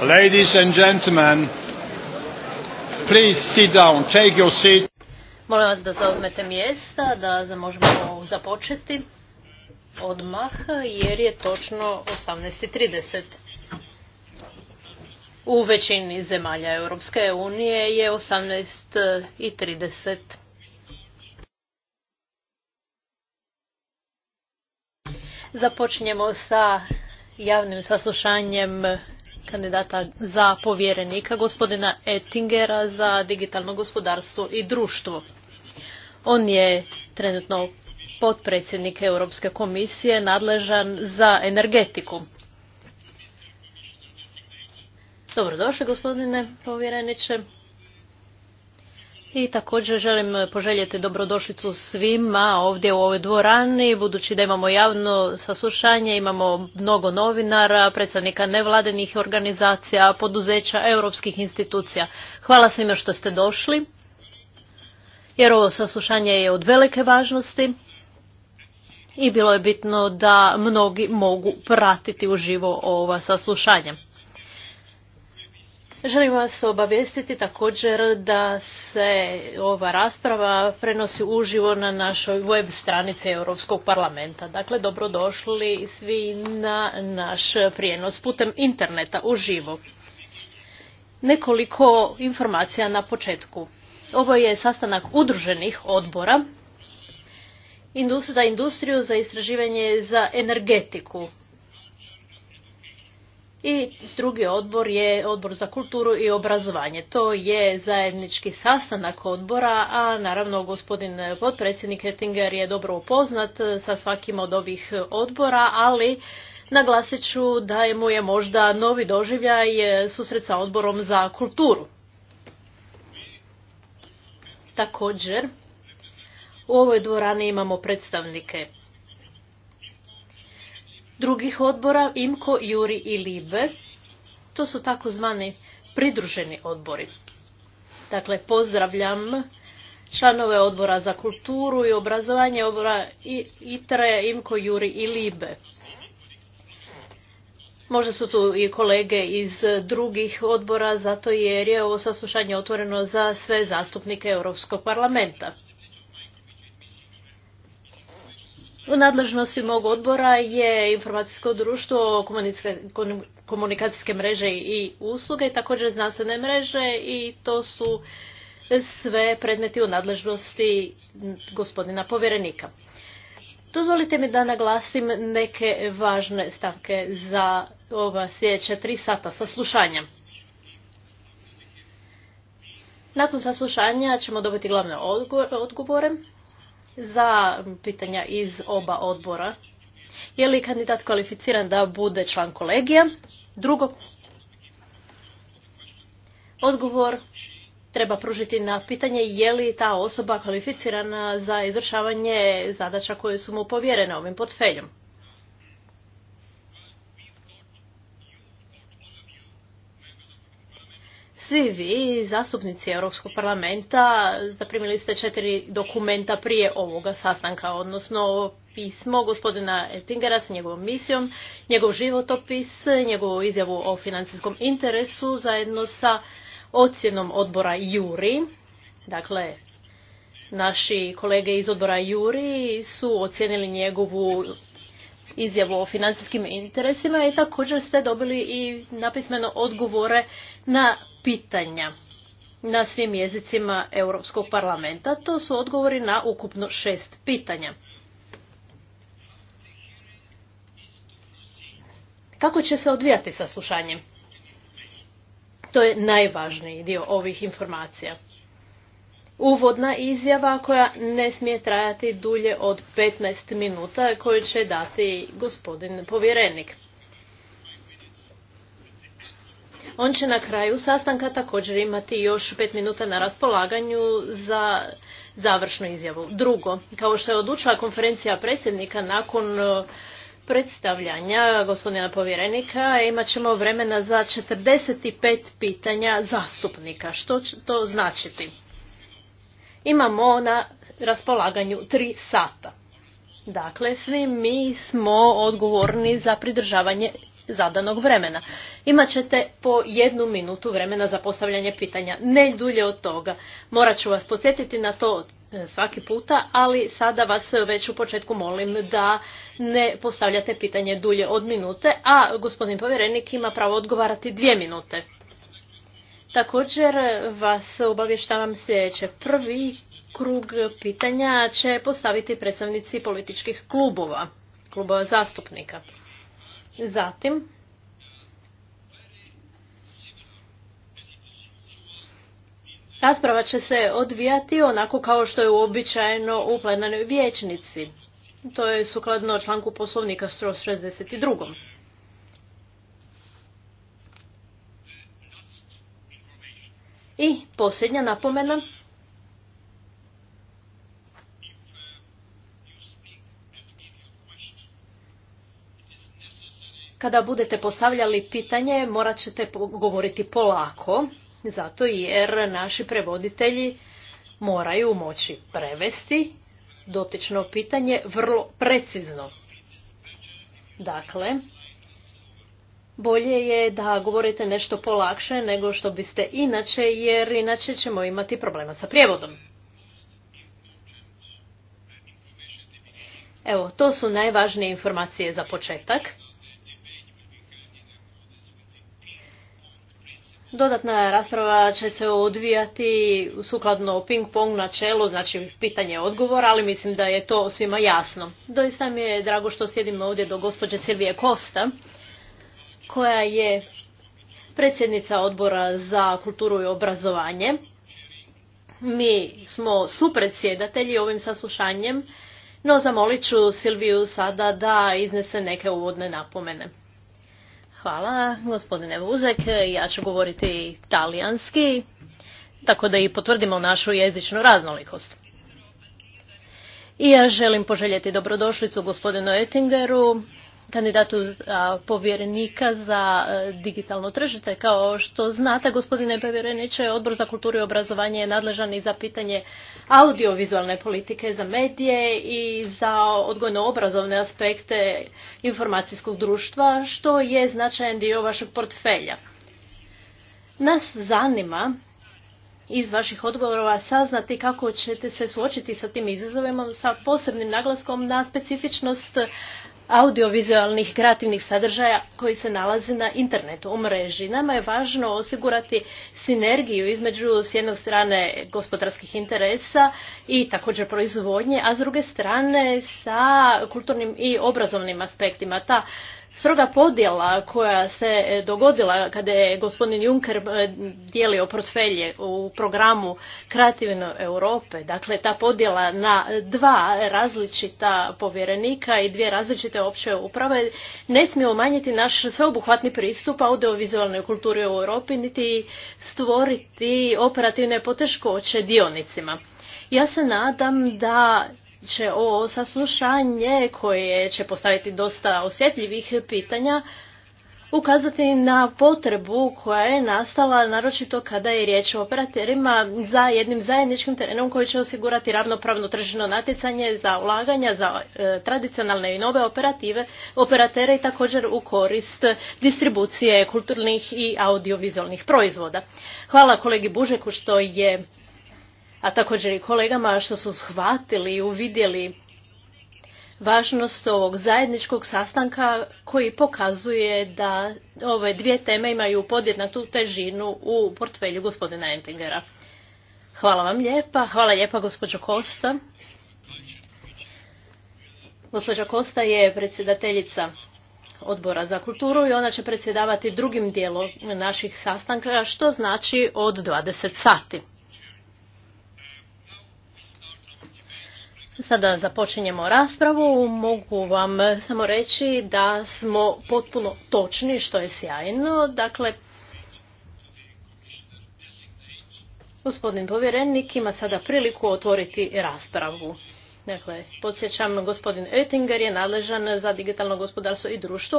Ladies and gentlemen, please sit down, take your seat. Molim vas da zauzmete mjesta, da možemo započeti odmah jer je točno 18.30. U većini zemalja Europske unije je 18.30. Započinjemo sa javnim saslušanjem kandidata za povjerenika gospodina Ettingera za digitalno gospodarstvo i društvo. On je trenutno potpredsjednik Europske komisije nadležan za energetiku. Dobrodošli gospodine povjereniče. I također želim poželjeti dobrodošlicu svima ovdje u ovoj dvorani, budući da imamo javno saslušanje, imamo mnogo novinara, predstavnika nevladinih organizacija, poduzeća, europskih institucija. Hvala svima što ste došli, jer ovo saslušanje je od velike važnosti i bilo je bitno da mnogi mogu pratiti uživo ova saslušanja. Želim vas obavijestiti također da se ova rasprava prenosi uživo na našoj web stranici Europskog parlamenta. Dakle, dobrodošli svi na naš prijenos putem interneta uživo. Nekoliko informacija na početku. Ovo je sastanak udruženih odbora za industriju, za istraživanje, za energetiku. I drugi odbor je odbor za kulturu i obrazovanje. To je zajednički sastanak odbora, a naravno gospodin potpredsjednik Ettinger je dobro upoznat sa svakim od ovih odbora, ali naglasit ću da je mu je možda novi doživljaj susret sa odborom za kulturu. Također, u ovoj dvorani imamo predstavnike drugih odbora, IMKO, Juri i Libe. To su takozvani pridruženi odbori. Dakle, pozdravljam članove odbora za kulturu i obrazovanje odbora ITRE, IMKO, Juri i Libe. Možda su tu i kolege iz drugih odbora, zato jer je ovo saslušanje otvoreno za sve zastupnike Europskog parlamenta. U nadležnosti mog odbora je informacijsko društvo, komunikacijske mreže i usluge, također znanstvene mreže i to su sve predmeti u nadležnosti gospodina povjerenika. Dozvolite mi da naglasim neke važne stavke za ova sljedeća tri sata slušanjem. Nakon saslušanja ćemo dobiti glavne odgovore, za pitanja iz oba odbora. Je li kandidat kvalificiran da bude član kolegija? Drugo, odgovor treba pružiti na pitanje je li ta osoba kvalificirana za izvršavanje zadaća koje su mu povjerene ovim portfeljom. Svi vi, zastupnici Europskog parlamenta, zaprimili ste četiri dokumenta prije ovoga sastanka, odnosno pismo gospodina Ettingera s njegovom misijom, njegov životopis, njegovu izjavu o financijskom interesu zajedno sa ocjenom odbora Juri. Dakle, naši kolege iz odbora Juri su ocijenili njegovu izjavu o financijskim interesima i također ste dobili i napismeno odgovore na pitanja na svim jezicima Europskog parlamenta. To su odgovori na ukupno šest pitanja. Kako će se odvijati saslušanje? To je najvažniji dio ovih informacija. Uvodna izjava koja ne smije trajati dulje od 15 minuta koju će dati gospodin povjerenik. On će na kraju sastanka također imati još pet minuta na raspolaganju za završnu izjavu. Drugo, kao što je odlučila konferencija predsjednika nakon e, predstavljanja gospodina povjerenika imat ćemo vremena za 45 pitanja zastupnika. Što će to značiti? Imamo na raspolaganju tri sata. Dakle, svi mi smo odgovorni za pridržavanje zadanog vremena. ćete po jednu minutu vremena za postavljanje pitanja, ne dulje od toga. Morat ću vas posjetiti na to e, svaki puta, ali sada vas već u početku molim da ne postavljate pitanje dulje od minute, a gospodin povjerenik ima pravo odgovarati dvije minute. Također vas obavještavam sljedeće. Prvi krug pitanja će postaviti predstavnici političkih klubova, klubova zastupnika. Zatim, rasprava će se odvijati onako kao što je uobičajeno u plenarnoj vječnici. To je sukladno članku poslovnika 162. I posljednja napomena. Kada budete postavljali pitanje, morat ćete govoriti polako, zato jer naši prevoditelji moraju moći prevesti dotično pitanje vrlo precizno. Dakle, bolje je da govorite nešto polakše nego što biste inače, jer inače ćemo imati problema sa prijevodom. Evo, to su najvažnije informacije za početak. Dodatna rasprava će se odvijati sukladno ping-pong čelu, znači pitanje odgovora, ali mislim da je to svima jasno. Doista mi je drago što sjedimo ovdje do gospođe Silvije Kosta, koja je predsjednica odbora za kulturu i obrazovanje. Mi smo supredsjedatelji ovim saslušanjem, no zamolit ću Silviju sada da iznese neke uvodne napomene. Hvala, gospodine Vuzek. Ja ću govoriti talijanski, tako da i potvrdimo našu jezičnu raznolikost. I ja želim poželjeti dobrodošlicu gospodinu Ettingeru kandidatu za povjerenika za e, digitalno tržište. Kao što znate, gospodine povjereniče, Odbor za kulturu i obrazovanje je nadležan i za pitanje audiovizualne politike za medije i za odgojno-obrazovne aspekte informacijskog društva, što je značajan dio vašeg portfelja. Nas zanima iz vaših odgovorova saznati kako ćete se suočiti sa tim izazovima sa posebnim naglaskom na specifičnost audiovizualnih kreativnih sadržaja koji se nalaze na internetu u mreži. Nama je važno osigurati sinergiju između s jednog strane gospodarskih interesa i također proizvodnje, a s druge strane sa kulturnim i obrazovnim aspektima. Ta stroga podjela koja se e, dogodila kada je gospodin Juncker e, dijelio portfelje u programu Kreativne Europe. Dakle, ta podjela na dva različita povjerenika i dvije različite opće uprave ne smije umanjiti naš sveobuhvatni pristup audiovizualnoj kulturi u Europi niti stvoriti operativne poteškoće dionicima. Ja se nadam da će ovo saslušanje koje će postaviti dosta osjetljivih pitanja ukazati na potrebu koja je nastala naročito kada je riječ o operaterima za jednim zajedničkim terenom koji će osigurati ravnopravno tržišno natjecanje za ulaganja za e, tradicionalne i nove operative, operatere i također u korist distribucije kulturnih i audiovizualnih proizvoda. Hvala kolegi Bužeku što je a također i kolegama što su shvatili i uvidjeli važnost ovog zajedničkog sastanka koji pokazuje da ove dvije teme imaju podjednaku težinu u portfelju gospodina Entingera. Hvala vam lijepa. Hvala lijepa gospođo Kosta. Gospođa Kosta je predsjedateljica odbora za kulturu i ona će predsjedavati drugim dijelom naših sastanka, što znači od 20 sati. Sada započinjemo raspravu. Mogu vam samo reći da smo potpuno točni, što je sjajno. Dakle, gospodin povjerenik ima sada priliku otvoriti raspravu. Dakle, podsjećam, gospodin Oettinger je nadležan za digitalno gospodarstvo i društvo.